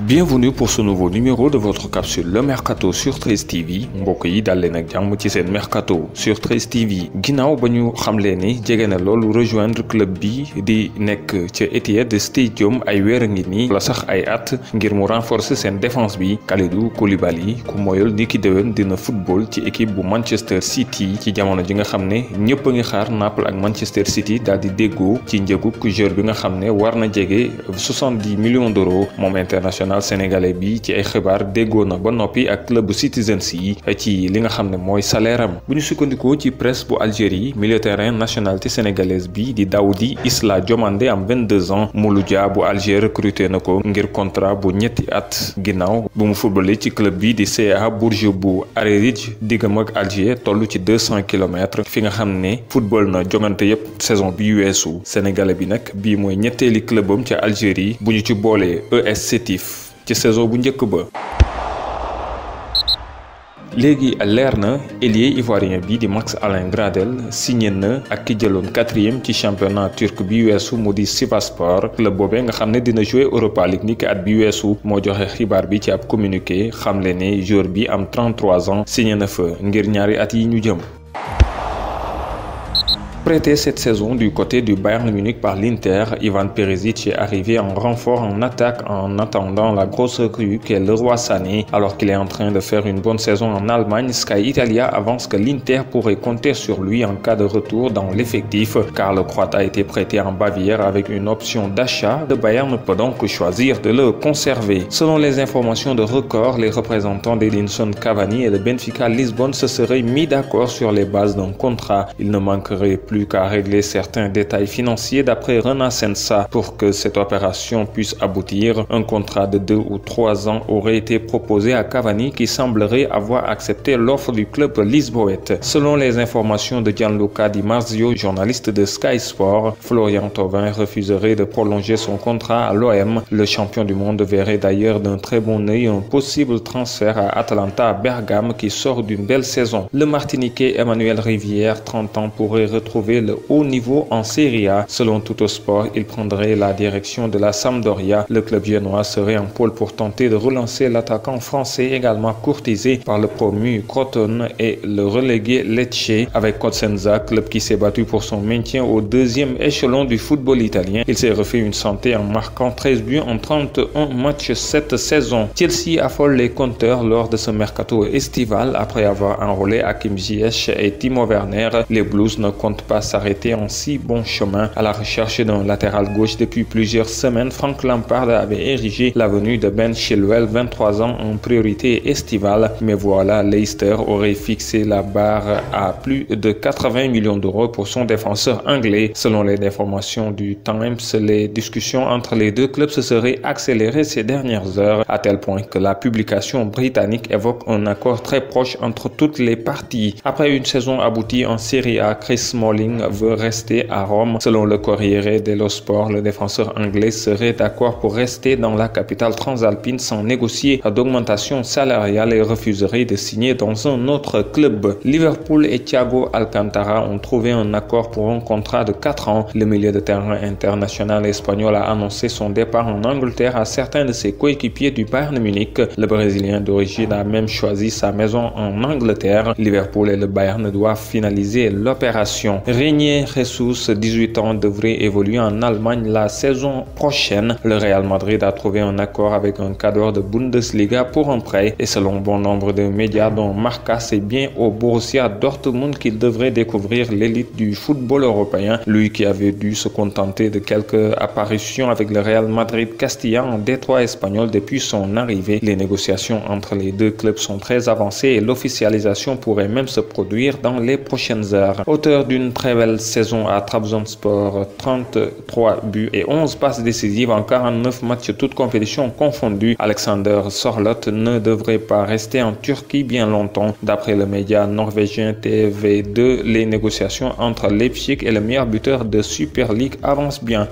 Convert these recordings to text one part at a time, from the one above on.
bienvenue pour ce nouveau numéro de votre capsule le mercato sur 13 TV mbokk yi dal ak jàmm ci sen mercato sur 13 TV Ginaaw bañu xamlé ni jege na loolu rejoindre club bi di nekk ca Etihad Stadium ay weer a ngi nii la sax ay at ngir mu renforcer sen défense bi Kalidou Koulibaly ku moyal ni dewen dina football ci équipe bu Manchester City ci jamono ji nga xamné ñepp ñëpp ngi xaar Naples ak Manchester City dal di déggo ci njëgub joueur bi nga xamné ne war na jege 70 millions d'euros mom international. national sénégalais bi ci ay xibaar déggoon na ba noppi ak club citizens yi ci li nga xam ne mooy salaire am bu ñu sukkandikoo ci presse bu Algérie milieu terrain nationalité sénégalaise bi di daw di Isla Diomandé am 22 ans Mouloudia bu Alger recruté na ko ngir contrat bu ñetti at ginnaaw bumu mu ci club bi di CA Bourges bu Arerij diggam ak Alger toll ci 200 kilomètres fi nga xam ne football na jongante yépp saison bi weesu sénégalais bi nag bii mooy ñetteeli clubam ca Algérie bu ñu ci boolee e ci saison bu njëkk ba. léegi leer na ailier ivoirien bi di Max Alain Gradel signé na ak ki jëloon 4e ci championnat turc bi weesu mu di Sivasspor club boobee nga xam ne dina jouer Europa League ni ki at bi weesu moo joxe xibaar bi ci ab communiqué xamle ne joueur bi am 33 ans signé na fa ngir ñaari at yi ñu jëm. Prêté cette saison du côté du Bayern Munich par l'Inter, Ivan Perisic est arrivé en renfort en attaque en attendant la grosse recrue qu'est le roi Sané. Alors qu'il est en train de faire une bonne saison en Allemagne, Sky Italia avance que l'Inter pourrait compter sur lui en cas de retour dans l'effectif car le Croate a été prêté en Bavière avec une option d'achat. Le Bayern peut donc choisir de le conserver. Selon les informations de record, les représentants d'Edinson Cavani et de Benfica Lisbonne se seraient mis d'accord sur les bases d'un contrat. Il ne manquerait plus qu'à régler certains détails financiers d'après Rana Sensa pour que cette opération puisse aboutir. Un contrat de deux ou trois ans aurait été proposé à Cavani qui semblerait avoir accepté l'offre du club lisboète. Selon les informations de Gianluca Di Marzio, journaliste de Sky Sport, Florian Thauvin refuserait de prolonger son contrat à l'OM. Le champion du monde verrait d'ailleurs d'un très bon œil un possible transfert à Atlanta à Bergame qui sort d'une belle saison. Le Martiniquais Emmanuel Rivière, 30 ans, pourrait retrouver le haut niveau en Serie A. Selon Tutto Sport, il prendrait la direction de la Sampdoria. Le club génois serait en pôle pour tenter de relancer l'attaquant français également courtisé par le promu Crotone et le relégué Lecce avec Cosenza, club qui s'est battu pour son maintien au deuxième échelon du football italien. Il s'est refait une santé en marquant 13 buts en 31 matchs cette saison. Chelsea affole les compteurs lors de ce mercato estival après avoir enrôlé Hakim Ziyech et Timo Werner. Les Blues ne comptent pas s'arrêter en si bon chemin. À la recherche d'un latéral gauche depuis plusieurs semaines, Frank Lampard avait érigé l'avenue de Ben Chilwell, 23 ans, en priorité estivale. Mais voilà, Leicester aurait fixé la barre à plus de 80 millions d'euros pour son défenseur anglais. Selon les informations du Times, les discussions entre les deux clubs se seraient accélérées ces dernières heures, à tel point que la publication britannique évoque un accord très proche entre toutes les parties. Après une saison aboutie en Serie A, Chris Smalling veut rester à Rome. Selon le Corriere dello Sport, le défenseur anglais serait d'accord pour rester dans la capitale transalpine sans négocier d'augmentation salariale et refuserait de signer dans un autre club. Liverpool et Thiago Alcantara ont trouvé un accord pour un contrat de 4 ans. Le milieu de terrain international espagnol a annoncé son départ en Angleterre à certains de ses coéquipiers du Bayern Munich. Le Brésilien d'origine a même choisi sa maison en Angleterre. Liverpool et le Bayern doivent finaliser l'opération. Régnier Jesus, 18 ans, devrait évoluer en Allemagne la saison prochaine. Le Real Madrid a trouvé un accord avec un cadre de Bundesliga pour un prêt et selon bon nombre de médias dont Marca, c'est bien au Borussia Dortmund qu'il devrait découvrir l'élite du football européen. Lui qui avait dû se contenter de quelques apparitions avec le Real Madrid Castilla en détroit espagnol depuis son arrivée. Les négociations entre les deux clubs sont très avancées et l'officialisation pourrait même se produire dans les prochaines heures. Auteur d'une très belle saison à Trabzonspor, 33 buts et 11 passes décisives en 49 matchs, toutes compétitions confondues. Alexander Sorlot ne devrait pas rester en Turquie bien longtemps. D'après le média norvégien TV2, les négociations entre Leipzig et le meilleur buteur de Super League avancent bien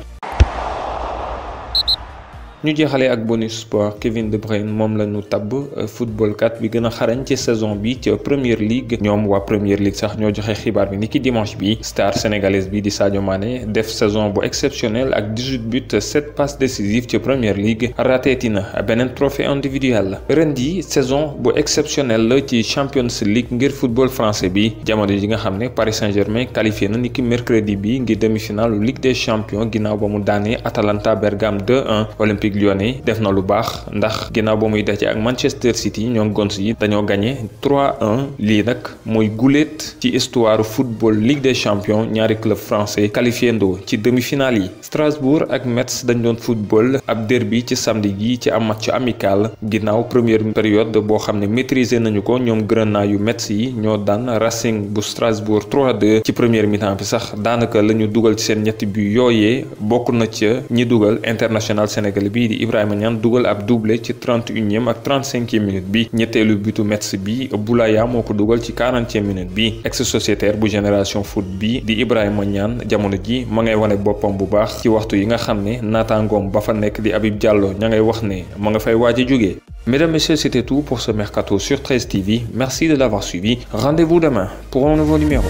ñu jéxalé ak bonus sport Kevin De Bruyne mom la ñu euh, football footballkat bi gëna xarañ ci saison bi ci première ligue ñom wa première ligue sax ñoo joxé xibaar bi niki dimanche bi star sénégalaise bi di Sadio Mané def saison bu exceptionnel, ak 18 buts 7 passes décisives ci première ligue raté na un trophée individuel rendi saison bu exceptionnel la ci champions league ngir football français bi jamono ji nga xamné Paris Saint-Germain qualifié na niki mercredi bi ngir demi-finale Ligue des champions ginaaw ba mu daanee Atalanta Bergame 2-1 Olympique Olympique Lyonnais def na lu baax ndax ginnaaw ba muy daje ak Manchester City ñoom Guns yi dañoo gagné 3-1 lii nag mooy guléet ci histoire football Ligue des champions ñaari club français qualifié ndo ci demi-finale yi Strasbourg ak Metz dañ doon football ab derby ci samedi gi ci am match amical ginnaaw première période boo xam ne maîtriser nañu ko ñoom grenat yu Metz yi ñoo daan Racing bu Strasbourg 3 de ci première mi bi sax daanaka lañu dugal ci seen ñetti but yooyee bokk na bii di Ibrahima Niane dugal ab doublé ci 31e ak 35e minute bi ñettelu butu Metz bi Boulaya moko ko dugal ci 40e minute bi ex sociétaire bu génération foot bi di Ibrahima Niane jamono ji ma ngay wone bopam bu baax ci waxtu yi nga xamné Natangom ba fa nek di Habib Diallo ña ngay wax né ma nga fay Mesdames, Messieurs, c'était tout pour ce Mercato sur 13 TV. Merci de l'avoir suivi. Rendez-vous demain pour un nouveau numéro.